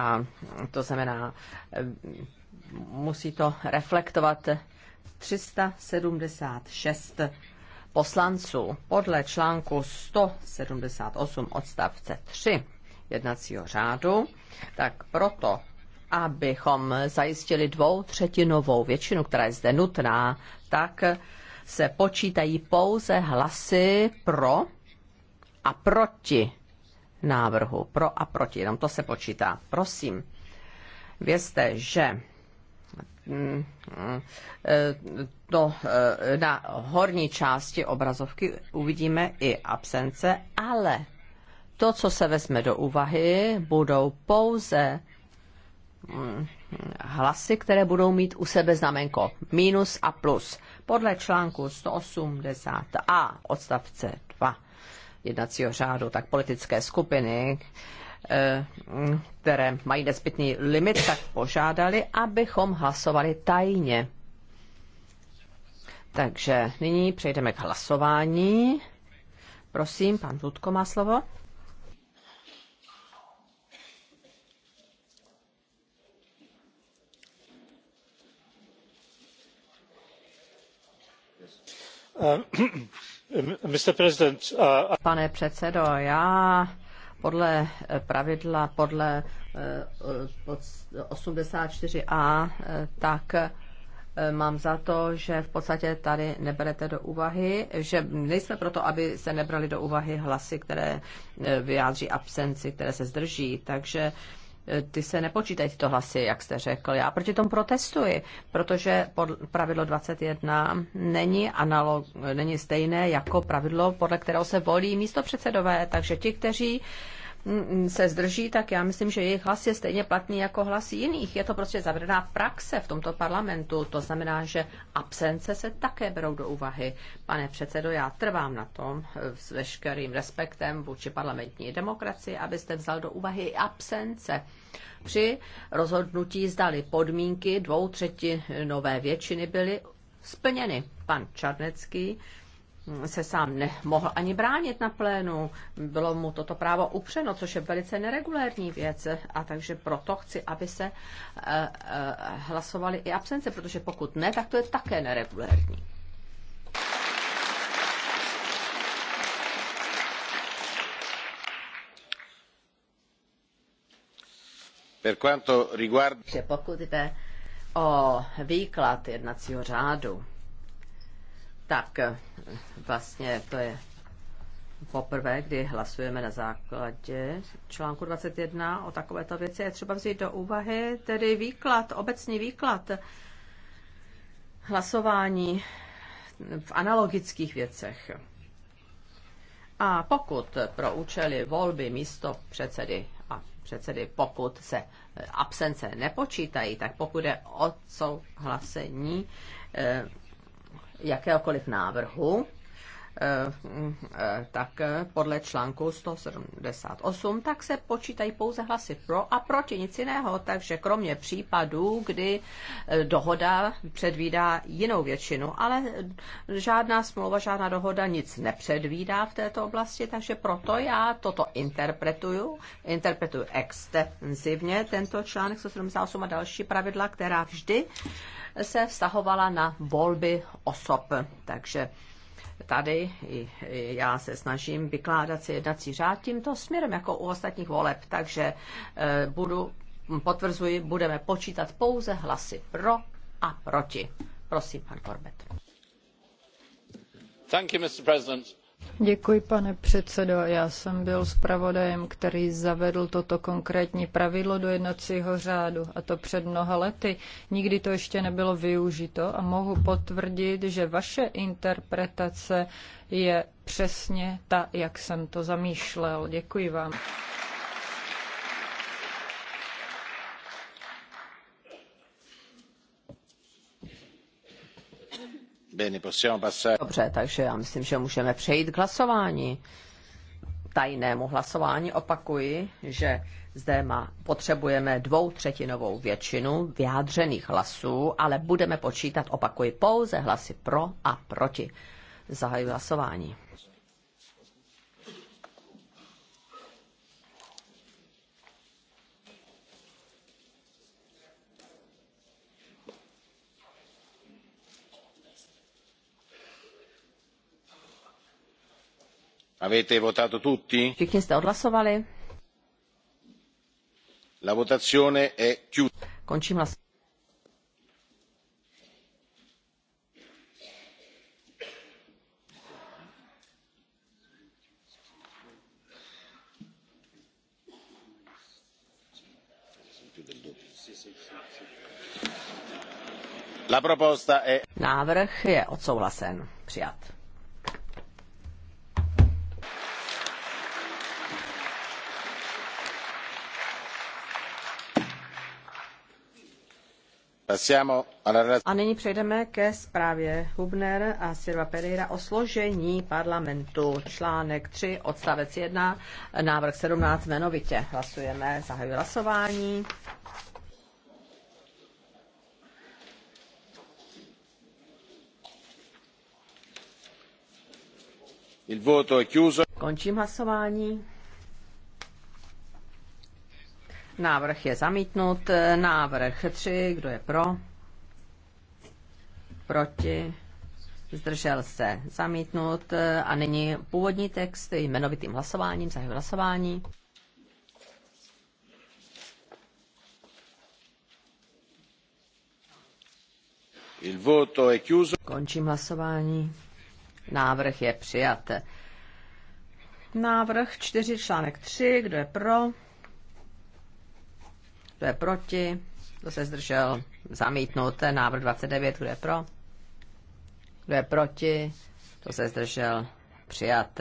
a to znamená, musí to reflektovat 376 poslanců podle článku 178 odstavce 3 jednacího řádu, tak proto, abychom zajistili dvou třetinovou většinu, která je zde nutná, tak se počítají pouze hlasy pro a proti návrhu. Pro a proti, jenom to se počítá. Prosím, vězte, že mm, mm, to eh, na horní části obrazovky uvidíme i absence, ale to, co se vezme do úvahy, budou pouze mm, hlasy, které budou mít u sebe znamenko minus a plus. Podle článku 180a odstavce jednacího řádu, tak politické skupiny, eh, které mají nezbytný limit, tak požádali, abychom hlasovali tajně. Takže nyní přejdeme k hlasování. Prosím, pan Ludko má slovo. Uh, Pane předsedo, já podle pravidla, podle 84a, eh, eh, tak eh, mám za to, že v podstatě tady neberete do úvahy, že nejsme proto, aby se nebrali do úvahy hlasy, které vyjádří absenci, které se zdrží. Takže ty se nepočítají tyto hlasy, jak jste řekl. Já proti tomu protestuji, protože pravidlo 21 není, analog, není stejné jako pravidlo, podle kterého se volí místo předsedové. Takže ti, kteří se zdrží, tak já myslím, že jejich hlas je stejně platný jako hlas jiných. Je to prostě zavřená praxe v tomto parlamentu. To znamená, že absence se také berou do úvahy. Pane předsedo, já trvám na tom eh, s veškerým respektem vůči parlamentní demokracii, abyste vzal do úvahy i absence. Při rozhodnutí zdali podmínky dvou třetinové většiny byly splněny. Pan Čarnecký Mm, se sám nemohl ani bránit na plénu. Bylo mu toto právo upřeno, což je velice neregulérní věc. A takže proto chci, aby se eh, eh, hlasovali i absence, protože pokud ne, tak to je také neregulérní. Per quanto riguarda... Že pokud jde o výklad jednacího řádu, tak vlastně to je poprvé, kdy hlasujeme na základě článku 21 o takovéto věci, je třeba vzít do úvahy tedy výklad, obecný výklad hlasování v analogických věcech. A pokud pro účely volby místo předsedy a předsedy, pokud se absence nepočítají, tak pokud je odsouhlasení eh, jakéhokoliv návrhu, tak podle článku 178, tak se počítají pouze hlasy pro a proti, nic jiného. Takže kromě případů, kdy eh, dohoda předvídá jinou většinu, ale žádná smlouva, žádná dohoda nic nepředvídá v této oblasti, takže proto já toto interpretuju, interpretuju extenzivně tento článek 178 a další pravidla, která vždy se vztahovala na volby osob. Takže tady já se snažím vykládat si jednací řád tímto směrem, jako u ostatních voleb, takže e, budu, potvrzuji, budeme počítat pouze hlasy pro a proti. Prosím, pan Korbet. Thank you, Mr. President. Děkuji, pane předsedo. Já jsem byl zpravodajem, který zavedl toto konkrétní pravidlo do jednacího řádu, a to před mnoha lety. Nikdy to ještě nebylo využito a mohu potvrdit, že vaše interpretace je přesně ta, jak jsem to zamýšlel. Děkuji vám. Dobře, takže já myslím, že můžeme přejít k hlasování. Tajnému hlasování opakuji, že zde má, potřebujeme dvou třetinovou většinu vyjádřených hlasů, ale budeme počítat, opakuji, pouze hlasy pro a proti. Zahajuji hlasování. Avete votato tutti? Všichni jste odhlasovali? La votazione è chiusa. Končím hlasování. Návrh je odsouhlasen, přijat. A nyní přejdeme ke zprávě Hubner a Silva Pereira o složení parlamentu. Článek 3, odstavec 1, návrh sedmnáct jmenovitě. Hlasujeme, zahajuji hlasování. Il voto è chiuso. Končím hlasování. Návrh je zamítnut. Návrh 3. Kdo je pro? Proti? Zdržel se zamítnut. A nyní původní text jmenovitým hlasováním. Zahajuji hlasování. Il voto è chiuso. Končím hlasování. Návrh je přijat. Návrh 4, článek 3. Kdo je pro? Kdo je proti? Kdo se zdržel? ten Návrh 29. Kdo je pro? Kdo je proti? Kdo se zdržel? Přijat.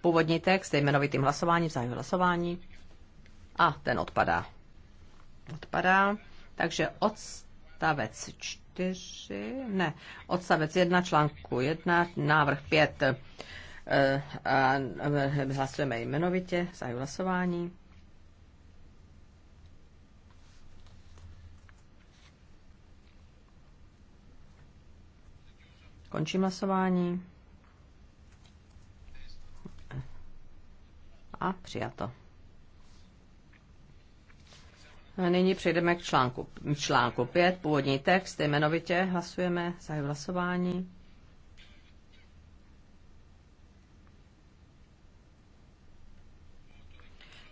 Původní text je jmenovitým hlasováním, zájem hlasování. A ten odpadá. Odpadá. Takže odstavec 4, ne, odstavec 1 článku 1, návrh 5. E, eh, a, a eh, hlasujeme jmenovitě, zájem hlasování. Končím hlasování. A přijato. Nyní přejdeme k článku, článku 5, původní text, jmenovitě hlasujeme, zahajuji hlasování.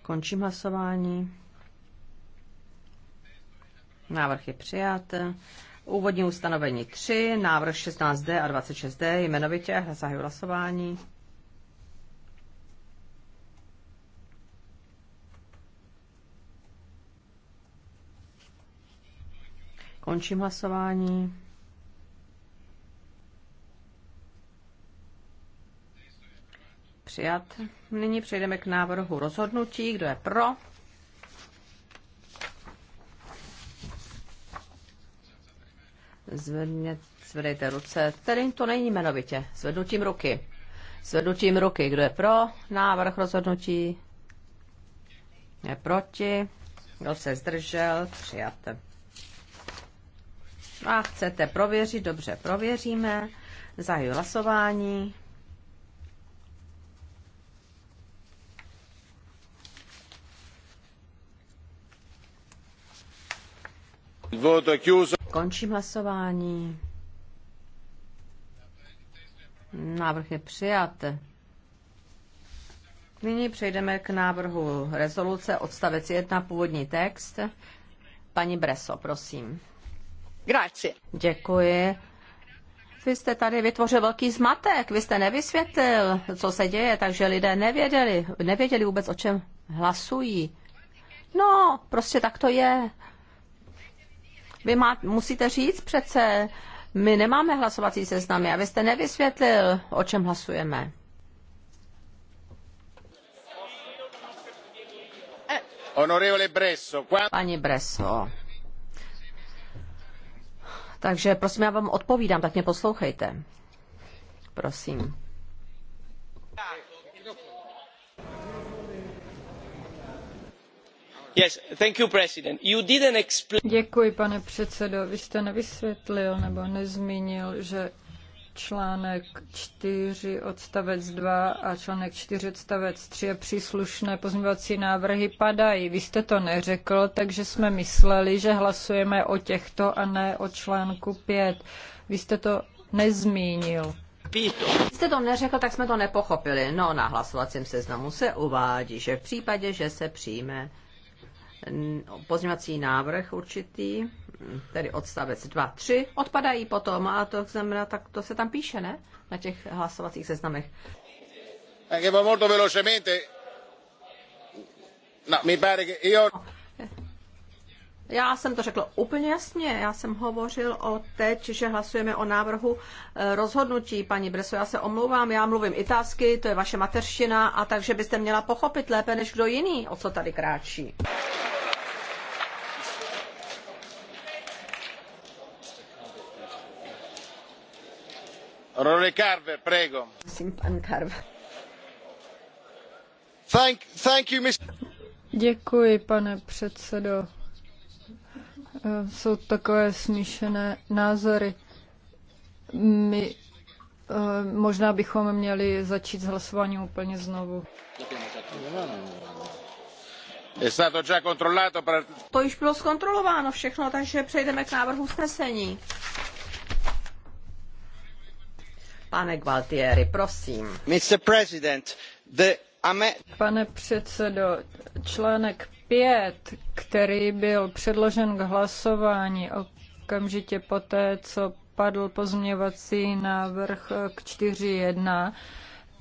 Končím hlasování. Návrh je přijat. Úvodní ustanovení 3, návrh 16D a 26D, jmenovitě zahajuji hlasování. Končím hlasování. Přijat. Nyní přejdeme k návrhu rozhodnutí. Kdo je pro? Zvedně, zvedejte ruce. Tady to není jmenovitě. Zvednutím ruky. Zvednutím ruky. Kdo je pro návrh rozhodnutí? Je proti. Kdo se zdržel? Přijate. A chcete prověřit? Dobře, prověříme. Zahajuji hlasování. Voto chiuso. Končím hlasování. Návrh je přijat. Nyní přejdeme k návrhu rezoluce odstavec 1, původní text. Paní Breso, prosím. Grazie. Děkuji. Vy jste tady vytvořil velký zmatek, vy jste nevysvětlil, co se děje, takže lidé nevěděli, nevěděli vůbec, o čem hlasují. No, prostě tak to je. Vy má, musíte říct přece, my nemáme hlasovací seznamy a vy jste nevysvětlil, o čem hlasujeme. Pani Bresso. Takže prosím, já vám odpovídám, tak mě poslouchejte. Prosím. Děkuji, pane předsedající Vy jste nevysvětlil nebo nezmínil, že článek four odstavec two a článek four odstavec three a příslušné pozměňovací návrhy padají. Vy jste to neřekl, takže jsme mysleli, že hlasujeme o těchto a ne o článku five. Vy jste to nezmínil. vy Jste to neřekl, tak jsme to nepochopili. No, na hlasovacím seznamu se uvádí, že v případě, že se přijme pozměňovací návrh určitý, tedy odstavec 2, 3, odpadají potom a to znamená, tak to se tam píše, ne? Na těch hlasovacích seznamech. Anche molto velocemente. No, mi pare che io... No, já jsem to řekl úplně jasně. Já jsem hovořil o teď, že hlasujeme o návrhu e, rozhodnutí, paní Breso. Já se omlouvám, já mluvím italsky, to je vaše mateřština, a takže byste měla pochopit lépe než kdo jiný, o co tady kráčí. Rory Carver, prego. Prosím, pan Carver. Thank, thank you, Mr. Děkuji, pane předsedo. Eh, jsou takové smíšené názory. My eh, možná bychom měli začít s hlasováním úplně znovu. To již bylo zkontrolováno všechno, takže přejdeme k návrhu usnesení. Pane Gualtieri, prosím. Pane předsedo, článek 5, který byl předložen k hlasování okamžitě poté, co padl pozměvací návrh k 4.1,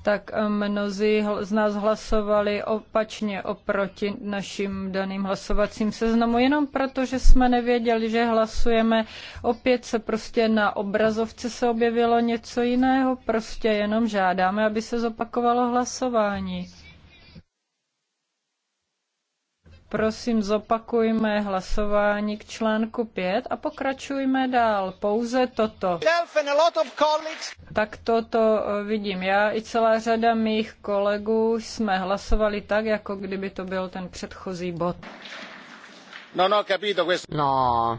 tak mnozí z nás hlasovali opačně oproti našim daným hlasovacím seznamu, jenom proto, že jsme nevěděli, že hlasujeme. Opět se prostě na obrazovce se objevilo něco jiného, prostě jenom žádáme, aby se zopakovalo hlasování. Prosím, zopakujme hlasování k článku 5 a pokračujme dál. Pouze toto. Tak toto eh, vidím já i celá řada mých kolegů jsme hlasovali tak, jako kdyby to byl ten předchozí bod. No, no, capito questo. No,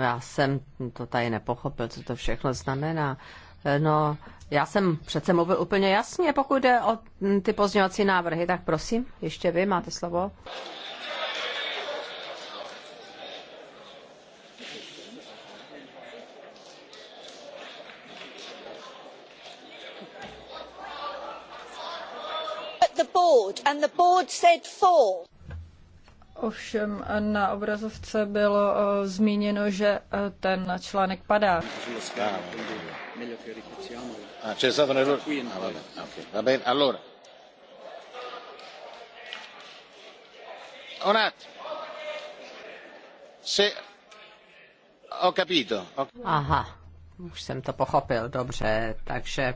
já jsem to tady nepochopil, co to všechno znamená. Eh, no, já jsem přece mluvil úplně jasně, pokud jde o mm, ty pozměňovací návrhy, tak prosím, ještě vy máte slovo. the board and the board said four. Ovšem na obrazovce bylo uh, zmíněno, že uh, ten článek padá. Ah, Aha, už jsem to pochopil, dobře, takže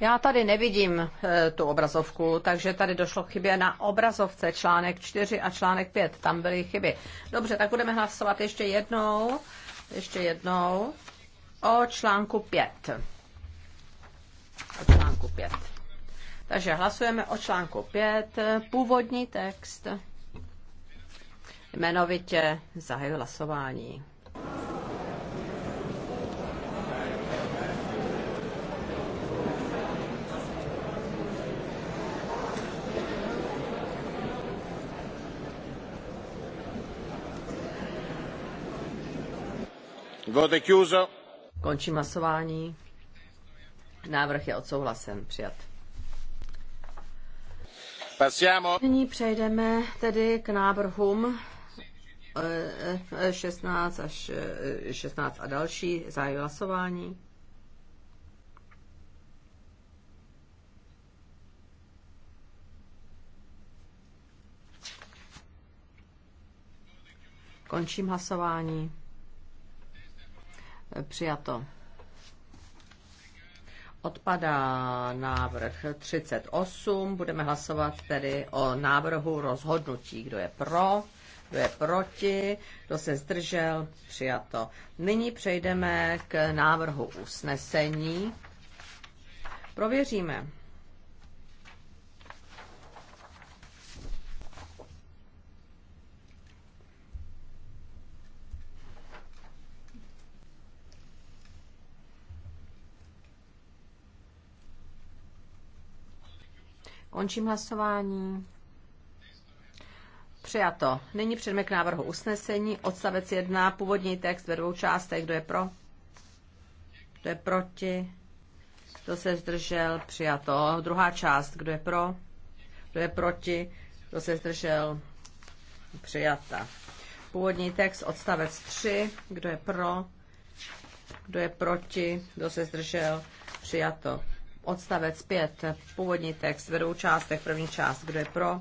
já tady nevidím e, tu obrazovku, takže tady došlo k chybě na obrazovce článek 4 a článek 5. Tam byly chyby. Dobře, tak budeme hlasovat ještě jednou, ještě jednou o článku 5. O článku 5. Takže hlasujeme o článku 5, původní text. Jmenovitě zahajuji hlasování. Končím hlasování. Návrh je odsouhlasen. Přijat. Passiamo. Nyní přejdeme tedy k návrhům 16 eh, až 16 eh, a další zájem hlasování. Končím hlasování. Přijato. Odpadá návrh 38. Budeme hlasovat tedy o návrhu rozhodnutí. Kdo je pro, kdo je proti, kdo se zdržel, přijato. Nyní přejdeme k návrhu usnesení. Prověříme. Končím hlasování. Přijato. Nyní přejdeme k návrhu usnesení. Odstavec 1, původní text ve dvou částech. Kdo je pro? Kdo je proti? Kdo se zdržel? Přijato. Druhá část. Kdo je pro? Kdo je proti? Kdo se zdržel? Přijata. Původní text, odstavec 3. Kdo je pro? Kdo je proti? Kdo se zdržel? Přijato. Odstavec 5, původní text vedou dvou částech. První část, kdo je pro,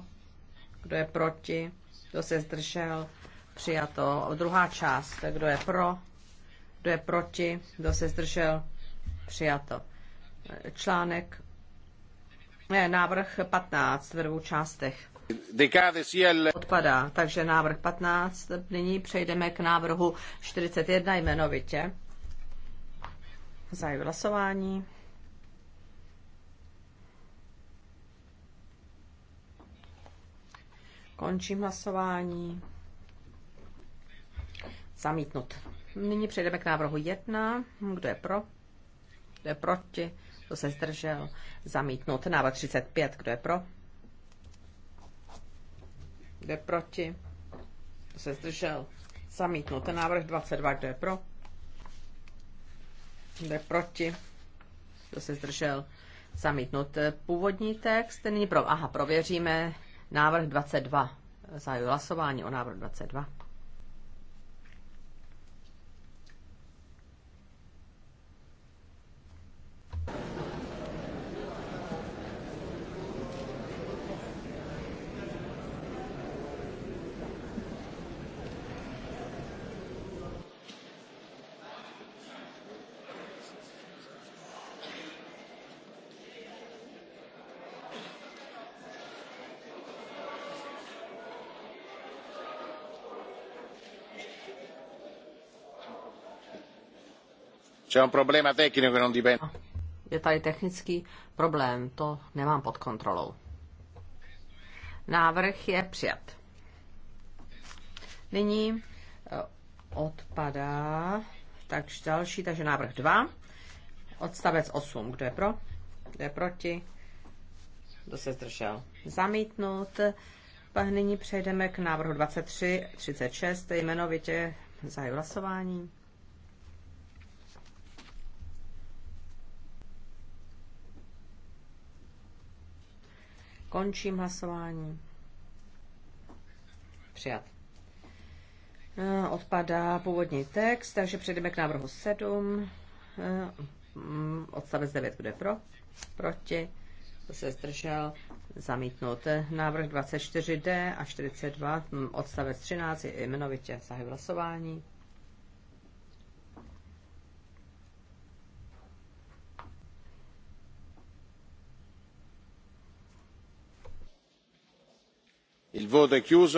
kdo je proti, kdo se zdržel, přijato. Druhá část, kdo je pro, kdo je proti, kdo se zdržel, přijato. Článek, ne, návrh 15 ve dvou částech. Odpadá, takže návrh 15. Nyní přejdeme k návrhu 41 jmenovitě. Zajímavé hlasování. Končím hlasování. Zamítnut. Nyní přejdeme k návrhu 1. Kdo je pro? Kdo je proti? Kdo se zdržel? Zamítnut. Návrh 35. Kdo je pro? Kdo je proti? Kdo se zdržel? Zamítnut. Návrh 22. Kdo je pro? Kdo je proti? Kdo se zdržel? Zamítnut. Původní text. Nyní pro... Aha, prověříme návrh 22. Zahajuji hlasování o návrhu 22. Je tady technický problém, to nemám pod kontrolou. Návrh je přijat. Nyní eh, odpadá takže další, takže návrh 2. Odstavec 8. Kdo je pro? Kdo je proti? Kdo se zdržel? Zamítnut. Pak nyní přejdeme k návrhu 23, 36, jmenovitě zahajuji hlasování. Končím hlasování. Přijat. E, odpadá původní text, takže přejdeme k návrhu 7. E, odstavec 9, bude pro? Proti? To se zdržel zamítnut. E, návrh 24D a 42, odstavec 13, jmenovitě zahy hlasování.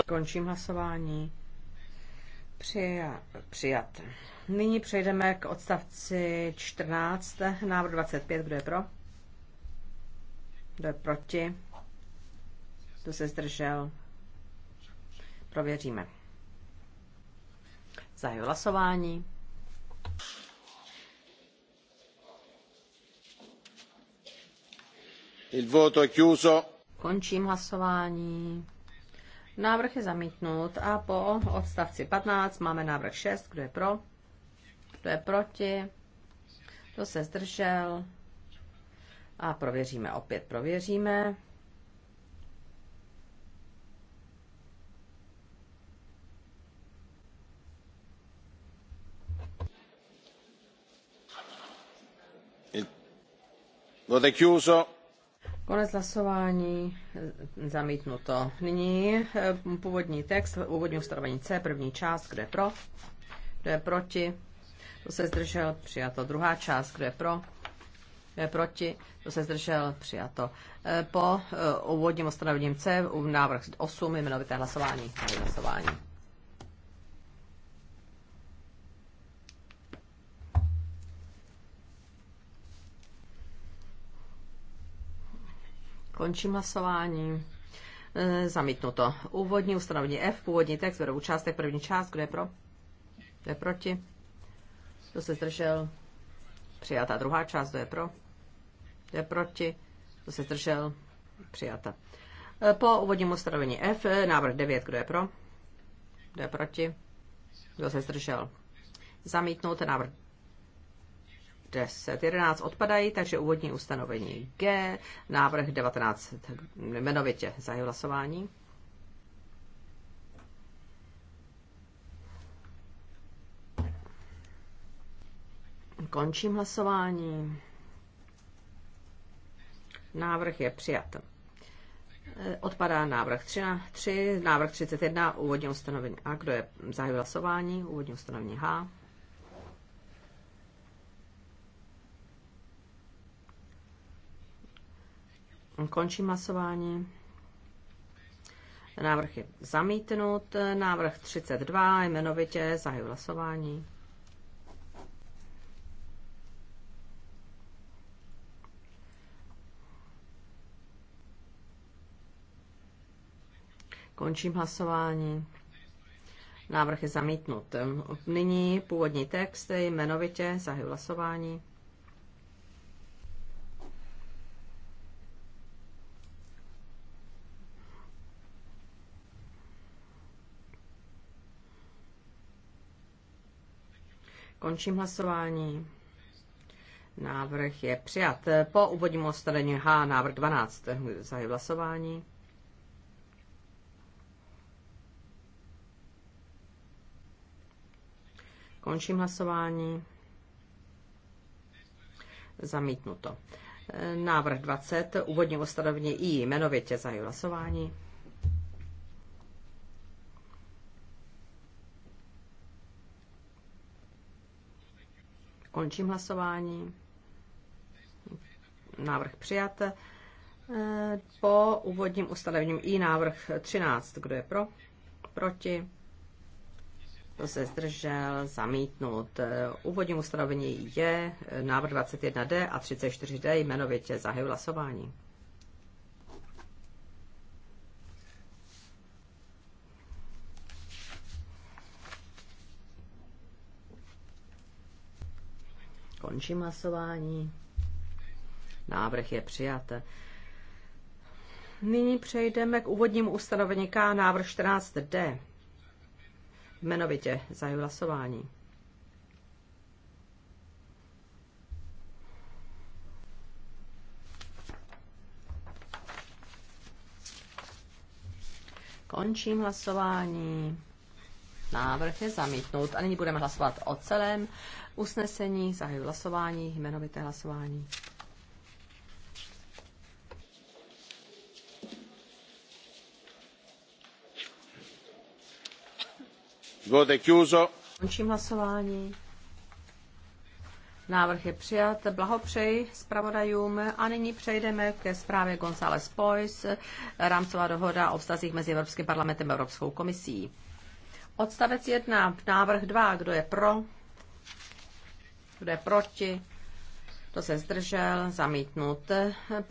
Končím hlasování. Přijat. Přijat. Nyní přejdeme k odstavci 14, návrh 25. Kdo je pro? Kdo je proti? Kdo se zdržel? Prověříme. Zahajuji hlasování. Il voto è chiuso. Končím hlasování. Návrh je zamítnut a po odstavci 15 máme návrh 6. Kdo je pro? Kdo je proti? Kdo se zdržel? A prověříme, opět prověříme. Voto chiuso. Konec hlasování, zamítnuto. Nyní eh, původní text, úvodní ustanovení C, první část, kde je pro, kdo je proti, kdo se zdržel, přijato. Druhá část, kdo je pro, kdo je proti, kdo se zdržel, přijato. Eh, po eh, úvodním ustanovení C, návrh 8, jmenovité hlasování, hlasování. Končím hlasování. E, Zamítnuto. Úvodní ustanovení F, původní text, vedou částek, první část, kdo je pro? Kdo je proti? Kdo se zdržel? Přijata druhá část, kdo je pro? Kdo je proti? Kdo se zdržel? Přijata. E, po úvodním ustanovení F, e, návrh 9, kdo je pro? Kdo je proti? Kdo se zdržel? Zamítnout návrh 10, 11 odpadají, takže úvodní ustanovení G, návrh 19 jmenovitě za hlasování. Končím hlasování. Návrh je přijat. Odpadá návrh 3, 3 návrh 31, úvodní ustanovení A. Kdo je za hlasování? Úvodní ustanovení H. Končím hlasování. Návrh je zamítnut. Návrh 32, jmenovitě zahajuji hlasování. Končím hlasování. Návrh je zamítnut. Nyní původní text, jmenovitě zahajuji hlasování. Končím hlasování. Návrh je přijat. Po úvodním ostatení H návrh 12. Zahajuji hlasování. Končím hlasování. Zamítnuto. Návrh 20. Úvodní ustanovení I. Jmenovitě zahajuji hlasování. Končím hlasování. Návrh přijat. E, po úvodním ustanovením i návrh 13. Kdo je pro? Proti? Kdo se zdržel? Zamítnut. E, úvodním ustanovení je e, návrh 21D a 34D jmenovitě zahajuji hlasování. Končím hlasování. Návrh je přijat. Nyní přejdeme k úvodnímu ustanovení K, návrh 14D. Jmenovitě zahajuji hlasování. Končím hlasování. Návrh je zamítnut. A nyní budeme hlasovat o celém usnesení. Zahajuji hlasování, jmenovité hlasování. Voto chiuso. Končím hlasování. Návrh je přijat. Blahopřeji zpravodajům a nyní přejdeme ke zprávě González Pois, rámcová dohoda o vztazích mezi Evropským parlamentem a Evropskou komisí. Odstavec 1, návrh 2, kdo je pro, kdo je proti, kdo se zdržel, zamítnut.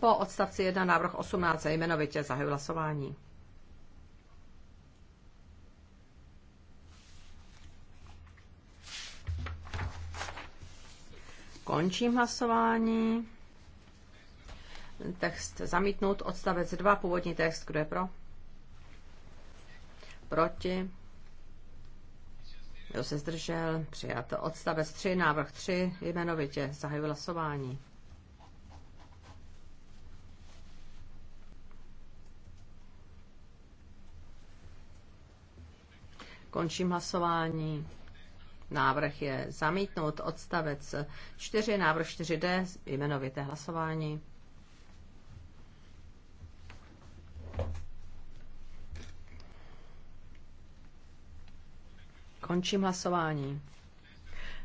Po odstavci 1, návrh 18, jmenovitě zahajuji hlasování. Končím hlasování. Text zamítnut, odstavec 2, původní text, kdo je pro? Proti kdo se zdržel? Přijat. Odstavec 3, návrh 3, jmenovitě. Zahajuji hlasování. Končím hlasování. Návrh je zamítnout odstavec 4, návrh 4D, jmenovité hlasování. Končím hlasování.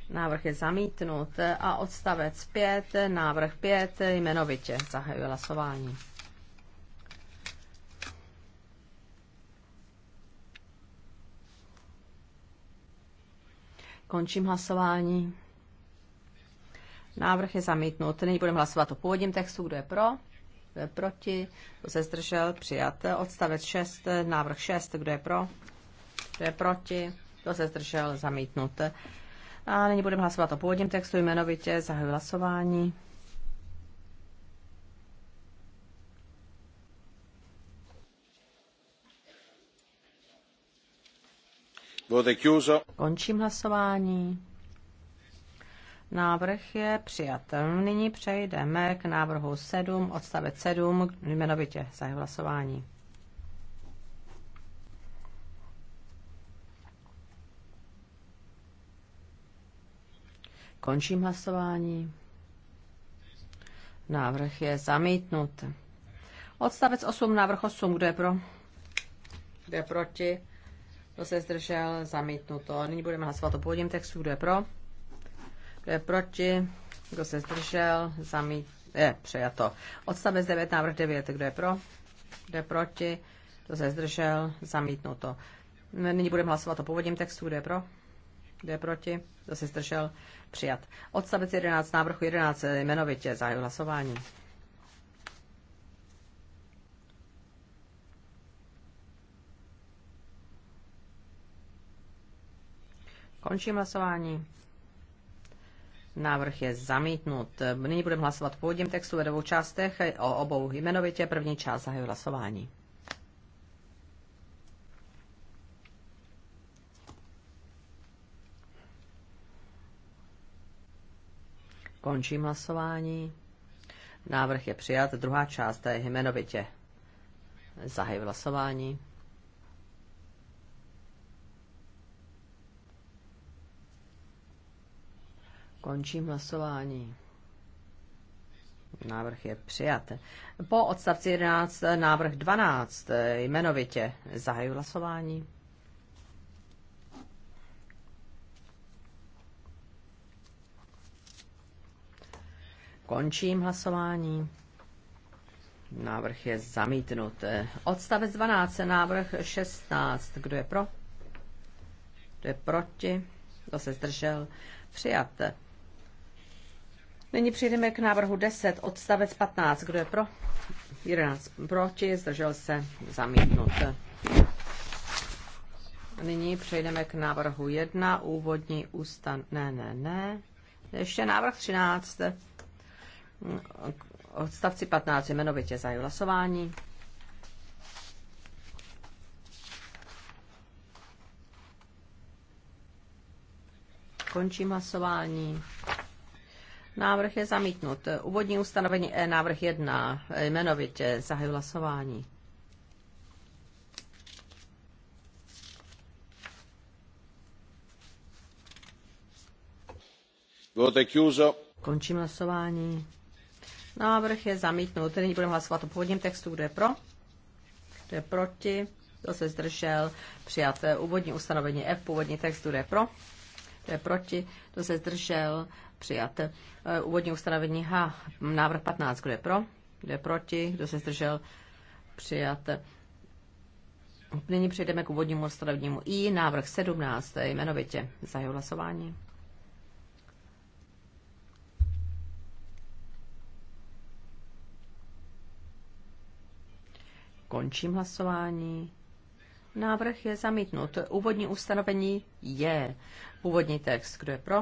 Návrh je zamítnut a odstavec 5, návrh 5 jmenovitě zahajuje hlasování. Končím hlasování. Návrh je zamítnut. Nyní budeme hlasovat o původním textu. Kdo je pro? Kdo je proti? Kdo se zdržel? Přijat. Odstavec 6, návrh 6. Kdo je pro? Kdo je proti? To se zdržel? Zamítnut. A nyní budeme hlasovat o původním textu jmenovitě. Zahajuji hlasování. Končím hlasování. Návrh je přijat. Nyní přejdeme k návrhu 7, odstavec 7, jmenovitě zahajuji hlasování. Končím hlasování. Návrh je zamítnut. Odstavec 8, návrh 8. Kdo je pro? Kdo je proti? Kdo se zdržel? Zamítnuto. Nyní budeme hlasovat o původním textu. Kdo je pro? Kdo je proti? Kdo se zdržel? Zamít... Je, přejato. Odstavec 9, návrh 9. Kdo je pro? Kdo je proti? Kdo se zdržel? Zamítnuto. Nyní budeme hlasovat o původním textu. Kdo je pro? Kdo je proti? Kdo se zdržel? Přijat. Odstavec 11, návrhu 11, jmenovitě zahájil hlasování. Končím hlasování. Návrh je zamítnut. Nyní budeme hlasovat v původním textu ve dvou částech o obou jmenovitě. První část zahajuje hlasování. Končím hlasování. Návrh je přijat. Druhá část je jmenovitě. Zahajuji hlasování. Končím hlasování. Návrh je přijat. Po odstavci 11 návrh 12 jmenovitě zahajuji hlasování. Končím hlasování. Návrh je zamítnut. Odstavec 12, návrh 16. Kdo je pro? Kdo je proti? Kdo se zdržel? Přijat. Nyní přejdeme k návrhu 10, odstavec 15. Kdo je pro? 11 proti, zdržel se zamítnut. Nyní přejdeme k návrhu 1, úvodní ústan... Ne, ne, ne. Ještě návrh 13 odstavci 15 jmenovitě za hlasování. Končím hlasování. Návrh je zamítnut. Úvodní ustanovení E, návrh 1, jmenovitě zahajuji hlasování. Končím hlasování. Návrh je zamítnut. Nyní budeme hlasovat o původním textu. Kdo je pro? Kdo je proti? Kdo se zdržel? Přijaté úvodní ustanovení F. Původní text. Kdo je pro? Kdo je proti? Kdo se zdržel? Přijaté úvodní ustanovení H. Návrh 15. Kdo je pro? Kdo je proti? Kdo se zdržel? Přijaté. Nyní přejdeme k úvodnímu ustanovnímu I. Návrh 17. Jmenovitě. Zahajuji hlasování. Končím hlasování. Návrh je zamítnut. Úvodní ustanovení je. Původní text. Kdo je pro?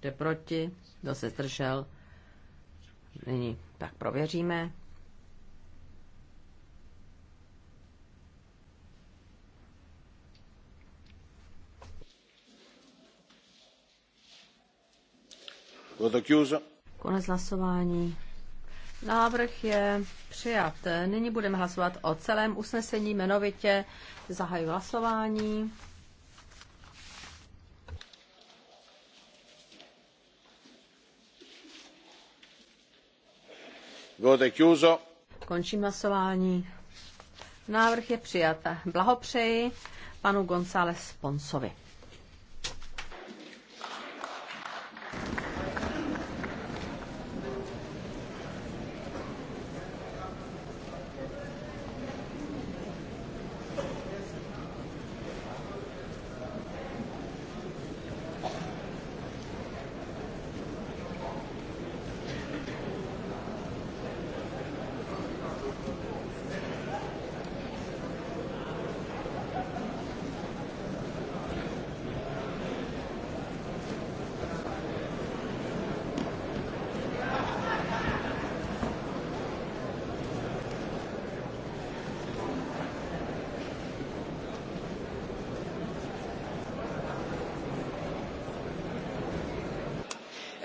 Kdo je proti? Kdo se zdržel? Nyní tak prověříme. Konec hlasování. Návrh je přijat. Nyní budeme hlasovat o celém usnesení jmenovitě. Zahajuji hlasování. Končím hlasování. Návrh je přijat. Blahopřeji panu González Sponsovi.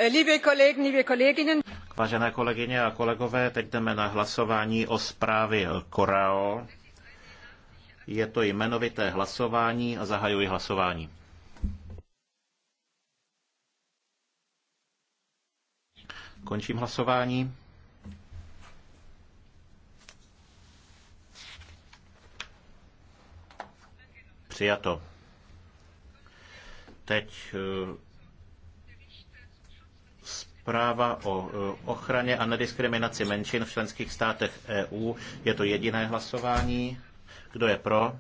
Eh, Vážené kolegyně a kolegové, teď jdeme na hlasování o zprávě Korao. Je to jmenovité hlasování a zahajuji hlasování. Končím hlasování. Přijato. Teď eh, práva o e, ochraně a nediskriminaci menšin v členských státech EU. Je to jediné hlasování. Kdo je pro?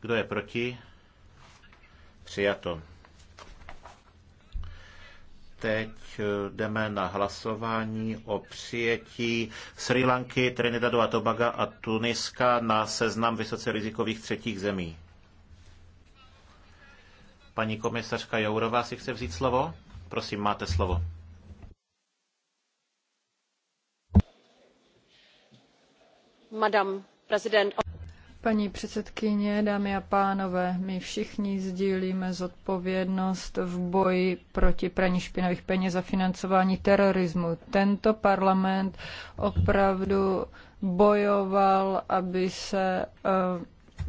Kdo je proti? Přijato. Teď e, jdeme na hlasování o přijetí Sri Lanky, Trinidadu a Tobaga a Tuniska na seznam vysoce rizikových třetích zemí. Paní komisařka Jourová si chce vzít slovo? Prosím, máte slovo. Madam President. Paní předsedkyně, dámy a pánové, my všichni sdílíme zodpovědnost v boji proti praní špinavých peněz a financování terorismu. Tento parlament opravdu bojoval, aby se uh,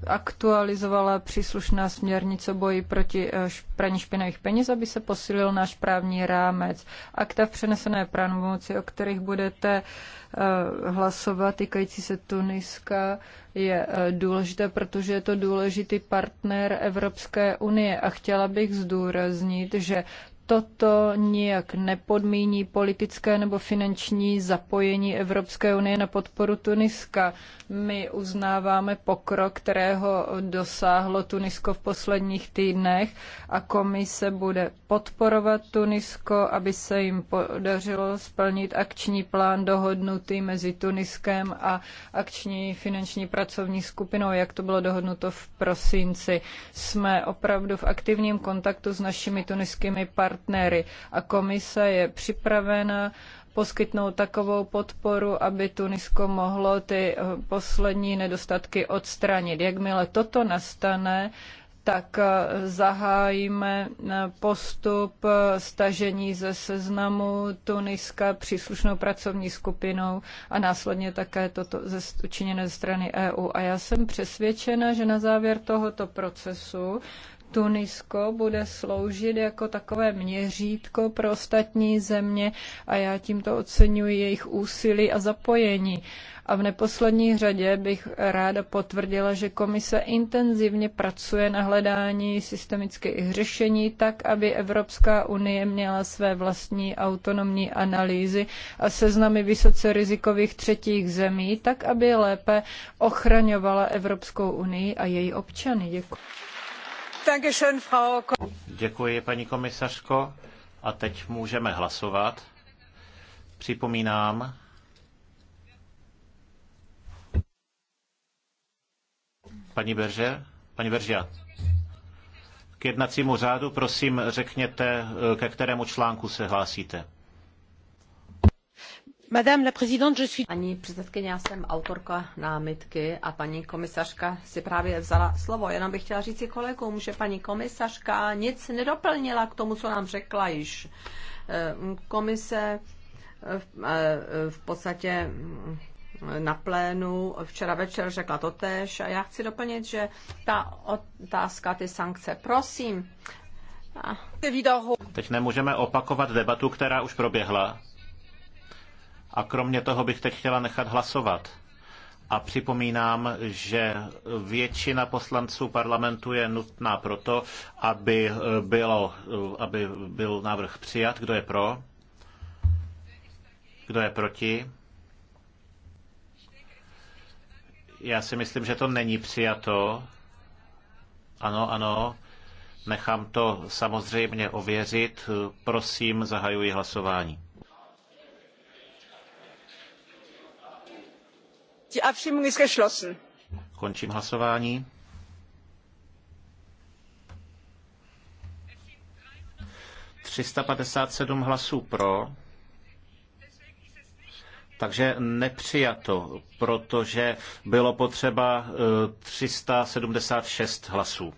aktualizovala příslušná směrnice boji proti eh, praní špinavých peněz, aby se posílil náš právní rámec. Akta v přenesené pravomoci, o kterých budete eh, hlasovat, týkající se Tuniska, je eh, důležité, protože je to důležitý partner Evropské unie. A chtěla bych zdůraznit, že toto nijak nepodmíní politické nebo finanční zapojení Evropské unie na podporu Tuniska. My uznáváme pokrok, kterého dosáhlo Tunisko v posledních týdnech a komise bude podporovat Tunisko, aby se jim podařilo splnit akční plán dohodnutý mezi Tuniskem a akční finanční pracovní skupinou, jak to bylo dohodnuto v prosinci. Jsme opravdu v aktivním kontaktu s našimi tuniskými partnery partnery a komise je připravena poskytnout takovou podporu, aby Tunisko mohlo ty eh, poslední nedostatky odstranit. Jakmile toto nastane, tak eh, zahájíme eh, postup stažení ze seznamu Tuniska příslušnou pracovní skupinou a následně také toto učiněné ze strany EU. A já jsem přesvědčena, že na závěr tohoto procesu Tunisko bude sloužit jako takové měřítko pro ostatní země a já tímto oceňuji jejich úsilí a zapojení. A v neposlední řadě bych ráda potvrdila, že komise intenzivně pracuje na hledání systemických řešení tak, aby Evropská unie měla své vlastní autonomní analýzy a seznamy vysoce rizikových třetích zemí, tak, aby lépe ochraňovala Evropskou unii a její občany. Děkuji. Děkuji, paní komisařko. A teď můžeme hlasovat. Připomínám, paní Berže, paní Beržia, k jednacímu řádu prosím řekněte, ke kterému článku se hlásíte. Madame la présidente, je suis... Paní předsedkyně, já jsem autorka námitky a paní komisařka si právě vzala slovo. Jenom bych chtěla říct kolegům, že paní komisařka nic nedoplnila k tomu, co nám řekla již. Eh, komise eh, v podstatě mm, na plénu včera večer řekla to tež a já chci doplnit, že ta otázka, ty sankce, prosím. Teď nemůžeme opakovat debatu, která už proběhla. A kromě toho bych teď chtěla nechat hlasovat. A připomínám, že většina poslanců parlamentu je nutná proto, aby, eh, bylo, eh, aby byl návrh přijat. Kdo je pro? Kdo je proti? Já si myslím, že to není přijato. Ano, ano. Nechám to samozřejmě ověřit. Prosím, zahajuji hlasování. Die Abstimmung ist geschlossen. Končím hlasování. Třista sedm hlasů pro, takže nepřijato, protože bylo potřeba 376 eh, hlasů.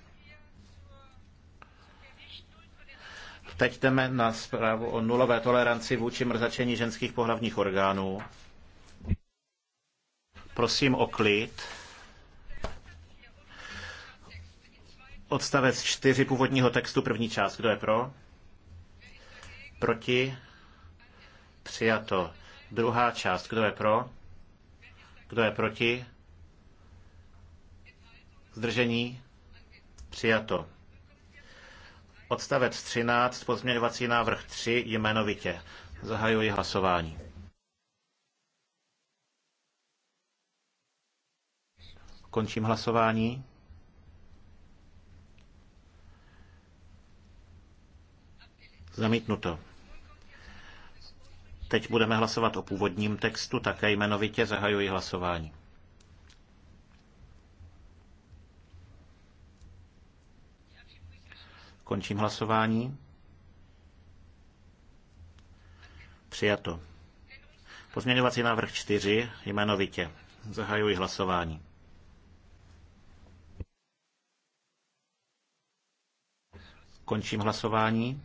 Teď jdeme na zprávu o nulové toleranci vůči mrzačení ženských pohlavních orgánů. Prosím o klid. Odstavec 4 původního textu, první část. Kdo je pro? Proti? Přijato. Druhá část. Kdo je pro? Kdo je proti? Zdržení? Přijato. Odstavec 13, pozměňovací návrh 3, jmenovitě. Zahajuji hlasování. Končím hlasování. Zamítnuto. Teď budeme hlasovat o původním textu, také jmenovitě zahajuji hlasování. Končím hlasování. Přijato. Pozměňovací návrh 4 jmenovitě. Zahajuji hlasování. Končím hlasování.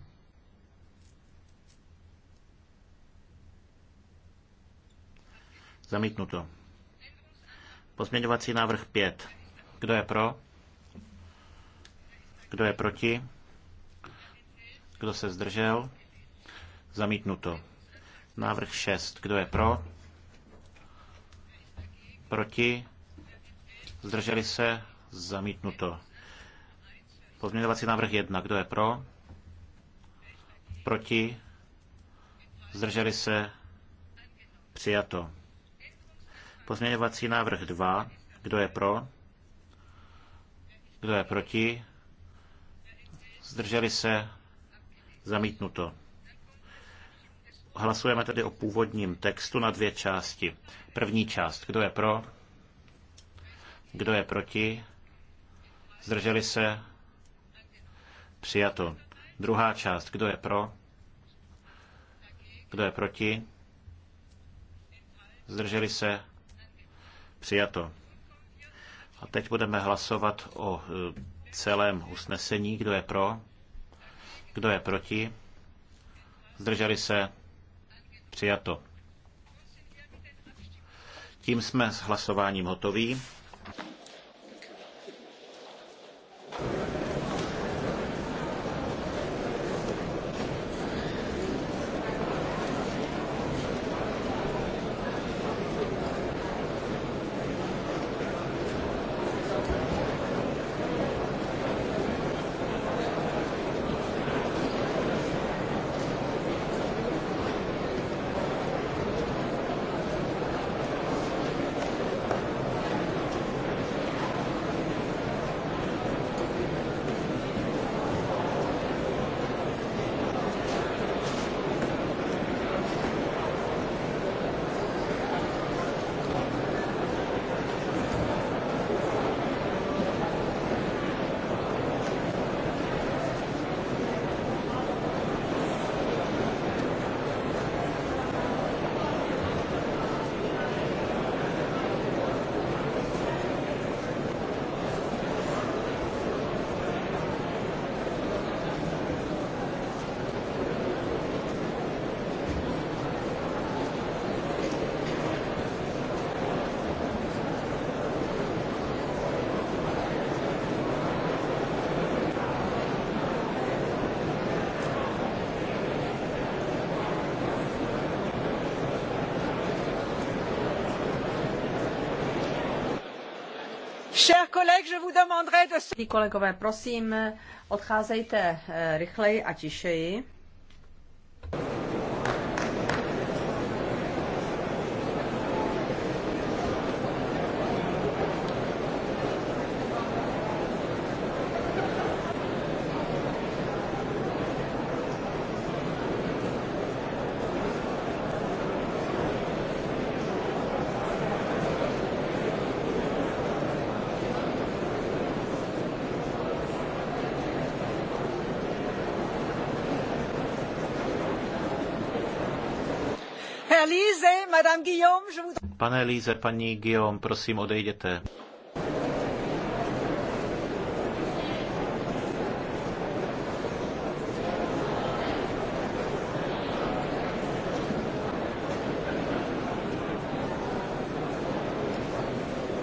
Zamítnuto. Pozměňovací návrh 5. Kdo je pro? Kdo je proti? Kdo se zdržel? Zamítnuto. Návrh 6. Kdo je pro? Proti? Zdrželi se? Zamítnuto. Pozměňovací návrh 1. Kdo je pro? Proti? Zdrželi se? Přijato. Pozměňovací návrh 2. Kdo je pro? Kdo je proti? Zdrželi se? Zamítnuto. Hlasujeme tedy o původním textu na dvě části. První část. Kdo je pro? Kdo je proti? Zdrželi se? Přijato. Druhá část. Kdo je pro? Kdo je proti? Zdrželi se? Přijato. A teď budeme hlasovat o e, celém usnesení. Kdo je pro? Kdo je proti? Zdrželi se? Přijato. Tím jsme s hlasováním hotoví. Kolegové, prosím, odcházejte eh, rychleji a tišeji. Pane Líze, paní Guillaume, prosím odejděte.